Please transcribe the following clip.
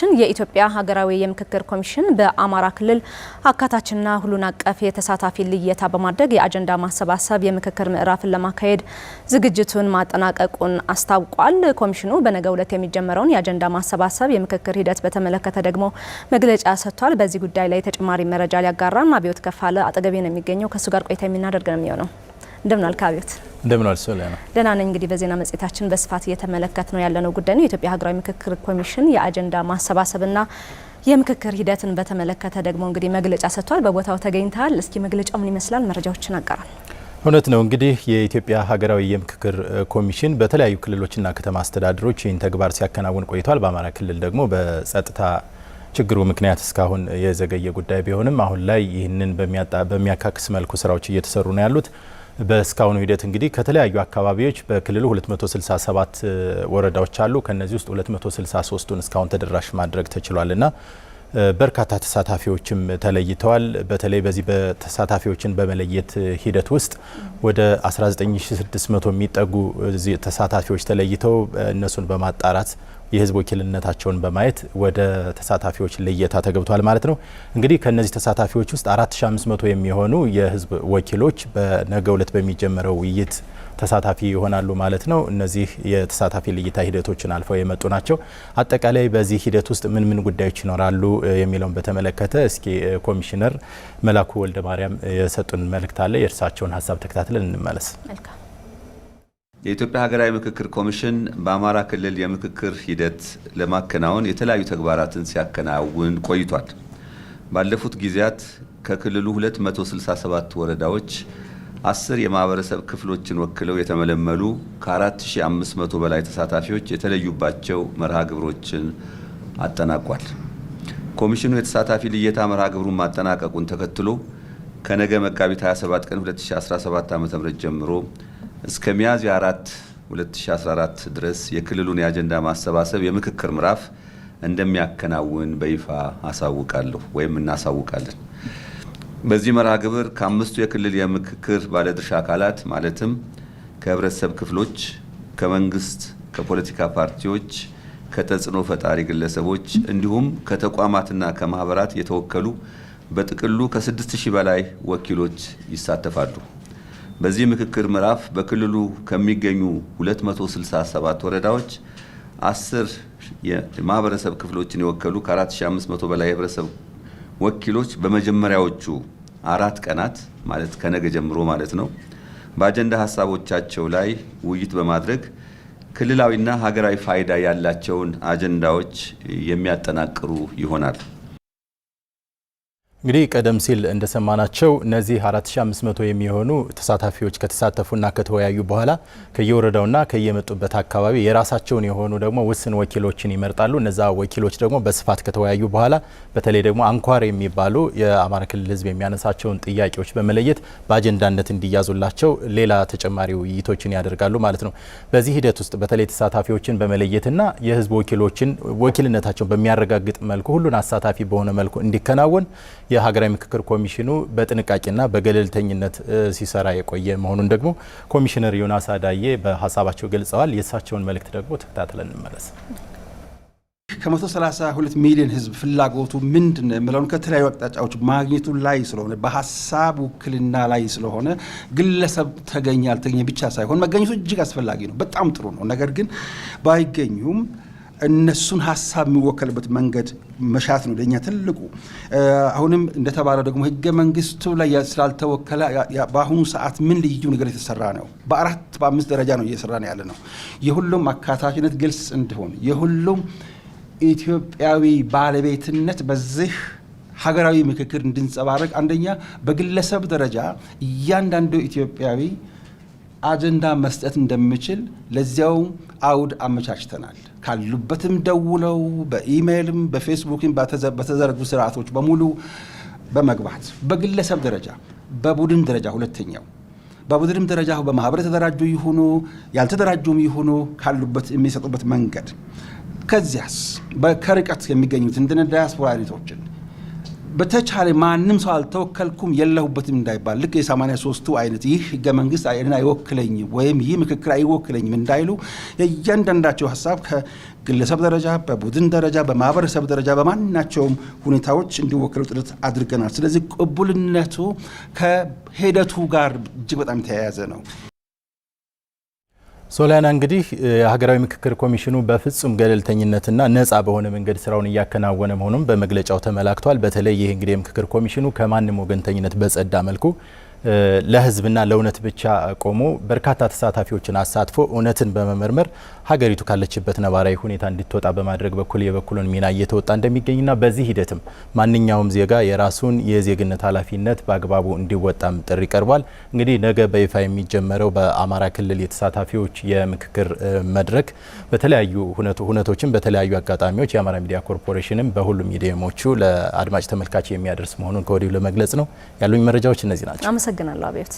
ዜናችን የኢትዮጵያ ሀገራዊ የምክክር ኮሚሽን በአማራ ክልል አካታችና ሁሉን አቀፍ የተሳታፊ ልየታ በማድረግ የአጀንዳ ማሰባሰብ የምክክር ምዕራፍን ለማካሄድ ዝግጅቱን ማጠናቀቁን አስታውቋል። ኮሚሽኑ በነገው ዕለት የሚጀመረውን የአጀንዳ ማሰባሰብ የምክክር ሂደት በተመለከተ ደግሞ መግለጫ ሰጥቷል። በዚህ ጉዳይ ላይ ተጨማሪ መረጃ ሊያጋራን አብዮት ከፋለ አጠገቤ ነው የሚገኘው። ከእሱ ጋር ቆይታ የምናደርግ ነው የሚሆነው። እንደምን አልክ እንደምን ሶሊያና? ደህና ነኝ። እንግዲህ በዜና መጽሔታችን በስፋት እየተመለከት ነው ያለነው ጉዳይ ነው የኢትዮጵያ ሀገራዊ ምክክር ኮሚሽን የአጀንዳ ማሰባሰብና የምክክር ሂደትን በተመለከተ ደግሞ እንግዲህ መግለጫ ሰጥቷል። በቦታው ተገኝተሃል። እስኪ መግለጫው ምን ይመስላል? መረጃዎችን አቀራል እውነት ነው እንግዲህ የኢትዮጵያ ሀገራዊ የምክክር ኮሚሽን በተለያዩ ክልሎችና ከተማ አስተዳደሮች ይህን ተግባር ሲያከናውን ቆይቷል። በአማራ ክልል ደግሞ በጸጥታ ችግሩ ምክንያት እስካሁን የዘገየ ጉዳይ ቢሆንም አሁን ላይ ይህንን በሚያካክስ መልኩ ስራዎች እየተሰሩ ነው ያሉት። በእስካሁኑ ሂደት እንግዲህ ከተለያዩ አካባቢዎች በክልሉ 267 ወረዳዎች አሉ። ከነዚህ ውስጥ 263ቱን እስካሁን ተደራሽ ማድረግ ተችሏልና በርካታ ተሳታፊዎችም ተለይተዋል። በተለይ በዚህ በተሳታፊዎችን በመለየት ሂደት ውስጥ ወደ 19600 የሚጠጉ ተሳታፊዎች ተለይተው እነሱን በማጣራት የህዝብ ወኪልነታቸውን በማየት ወደ ተሳታፊዎች ልየታ ተገብቷል ማለት ነው። እንግዲህ ከነዚህ ተሳታፊዎች ውስጥ 4500 የሚሆኑ የህዝብ ወኪሎች በነገው ዕለት በሚጀመረው ውይይት ተሳታፊ ይሆናሉ ማለት ነው። እነዚህ የተሳታፊ ልይታ ሂደቶችን አልፈው የመጡ ናቸው። አጠቃላይ በዚህ ሂደት ውስጥ ምን ምን ጉዳዮች ይኖራሉ የሚለውን በተመለከተ እስኪ ኮሚሽነር መላኩ ወልደ ማርያም የሰጡን መልእክት አለ። የእርሳቸውን ሀሳብ ተከታትለን እንመለስ። የኢትዮጵያ ሀገራዊ ምክክር ኮሚሽን በአማራ ክልል የምክክር ሂደት ለማከናወን የተለያዩ ተግባራትን ሲያከናውን ቆይቷል። ባለፉት ጊዜያት ከክልሉ 267 ወረዳዎች አስር የማህበረሰብ ክፍሎችን ወክለው የተመለመሉ ከ4500 በላይ ተሳታፊዎች የተለዩባቸው መርሃ ግብሮችን አጠናቋል። ኮሚሽኑ የተሳታፊ ልየታ መርሃ ግብሩን ማጠናቀቁን ተከትሎ ከነገ መጋቢት 27 ቀን 2017 ዓ.ም ጀምሮ እስከ ሚያዝያ 4 2014 ድረስ የክልሉን የአጀንዳ ማሰባሰብ የምክክር ምዕራፍ እንደሚያከናውን በይፋ አሳውቃለሁ ወይም እናሳውቃለን። በዚህ መርሃ ግብር ከአምስቱ የክልል የምክክር ባለድርሻ አካላት ማለትም ከህብረተሰብ ክፍሎች፣ ከመንግስት፣ ከፖለቲካ ፓርቲዎች፣ ከተጽዕኖ ፈጣሪ ግለሰቦች እንዲሁም ከተቋማትና ከማህበራት የተወከሉ በጥቅሉ ከ6000 በላይ ወኪሎች ይሳተፋሉ። በዚህ ምክክር ምዕራፍ በክልሉ ከሚገኙ 267 ወረዳዎች 10 የማህበረሰብ ክፍሎችን የወከሉ ከ4500 በላይ የህብረተሰብ ወኪሎች በመጀመሪያዎቹ አራት ቀናት ማለት ከነገ ጀምሮ ማለት ነው በአጀንዳ ሀሳቦቻቸው ላይ ውይይት በማድረግ ክልላዊና ሀገራዊ ፋይዳ ያላቸውን አጀንዳዎች የሚያጠናቅሩ ይሆናል። እንግዲህ ቀደም ሲል እንደሰማናቸው እነዚህ 4500 የሚሆኑ ተሳታፊዎች ከተሳተፉና ከተወያዩ በኋላ ከየወረዳውና ከየመጡበት አካባቢ የራሳቸውን የሆኑ ደግሞ ውስን ወኪሎችን ይመርጣሉ። እነዛ ወኪሎች ደግሞ በስፋት ከተወያዩ በኋላ በተለይ ደግሞ አንኳር የሚባሉ የአማራ ክልል ሕዝብ የሚያነሳቸውን ጥያቄዎች በመለየት በአጀንዳነት እንዲያዙላቸው ሌላ ተጨማሪ ውይይቶችን ያደርጋሉ ማለት ነው። በዚህ ሂደት ውስጥ በተለይ ተሳታፊዎችን በመለየትና የሕዝብ ወኪሎችን ወኪልነታቸውን በሚያረጋግጥ መልኩ ሁሉን አሳታፊ በሆነ መልኩ እንዲከናወን የሀገራዊ ምክክር ኮሚሽኑ በጥንቃቄና በገለልተኝነት ሲሰራ የቆየ መሆኑን ደግሞ ኮሚሽነር ዮናስ አዳዬ በሀሳባቸው ገልጸዋል። የእሳቸውን መልእክት ደግሞ ተከታትለን እንመለስ። ከ132 ሚሊዮን ህዝብ ፍላጎቱ ምንድን ነው የምለውን ከተለያዩ አቅጣጫዎች ማግኘቱ ላይ ስለሆነ በሀሳብ ውክልና ላይ ስለሆነ ግለሰብ ተገኘ አልተገኘ ብቻ ሳይሆን መገኘቱ እጅግ አስፈላጊ ነው። በጣም ጥሩ ነው። ነገር ግን ባይገኙም እነሱን ሀሳብ የሚወከልበት መንገድ መሻት ነው ደኛ ትልቁ። አሁንም እንደተባለ ደግሞ ህገ መንግስቱ ላይ ስላልተወከለ በአሁኑ ሰዓት ምን ልዩ ነገር የተሰራ ነው? በአራት በአምስት ደረጃ ነው እየሰራ ነው ያለ ነው። የሁሉም አካታችነት ግልጽ እንዲሆን የሁሉም ኢትዮጵያዊ ባለቤትነት በዚህ ሀገራዊ ምክክር እንድንጸባረቅ አንደኛ በግለሰብ ደረጃ እያንዳንዱ ኢትዮጵያዊ አጀንዳ መስጠት እንደምችል ለዚያው አውድ አመቻችተናል። ካሉበትም ደውለው በኢሜይልም በፌስቡክም በተዘረጉ ስርዓቶች በሙሉ በመግባት በግለሰብ ደረጃ በቡድን ደረጃ ሁለተኛው በቡድንም ደረጃ በማህበር የተደራጁ ይሁኑ ያልተደራጁም ይሁኑ ካሉበት የሚሰጡበት መንገድ ከዚያስ ከርቀት የሚገኙት እንደ ዳያስፖራ ሪቶችን በተቻለ ማንም ሰው አልተወከልኩም የለሁበትም እንዳይባል ልክ የሰማንያ ሶስቱ አይነት ይህ ህገ መንግስት አይን አይወክለኝም ወይም ይህ ምክክር አይወክለኝም እንዳይሉ የእያንዳንዳቸው ሀሳብ ከግለሰብ ደረጃ፣ በቡድን ደረጃ፣ በማህበረሰብ ደረጃ በማናቸውም ሁኔታዎች እንዲወክሉ ጥረት አድርገናል። ስለዚህ ቅቡልነቱ ከሂደቱ ጋር እጅግ በጣም የተያያዘ ነው። ሶሊያና እንግዲህ የሀገራዊ ምክክር ኮሚሽኑ በፍጹም ገለልተኝነትና ነጻ በሆነ መንገድ ስራውን እያከናወነ መሆኑም በመግለጫው ተመላክቷል። በተለይ ይህ እንግዲህ የምክክር ኮሚሽኑ ከማንም ወገንተኝነት በጸዳ መልኩ ለህዝብና ለእውነት ብቻ ቆሞ በርካታ ተሳታፊዎችን አሳትፎ እውነትን በመመርመር ሀገሪቱ ካለችበት ነባራዊ ሁኔታ እንድትወጣ በማድረግ በኩል የበኩሉን ሚና እየተወጣ እንደሚገኝና በዚህ ሂደትም ማንኛውም ዜጋ የራሱን የዜግነት ኃላፊነት በአግባቡ እንዲወጣም ጥሪ ቀርቧል። እንግዲህ ነገ በይፋ የሚጀመረው በአማራ ክልል የተሳታፊዎች የምክክር መድረክ በተለያዩ ሁነቶችን በተለያዩ አጋጣሚዎች የአማራ ሚዲያ ኮርፖሬሽንም በሁሉም ሚዲየሞቹ ለአድማጭ ተመልካች የሚያደርስ መሆኑን ከወዲሁ ለመግለጽ ነው። ያሉኝ መረጃዎች እነዚህ ናቸው። አመሰግናለሁ አብዮት።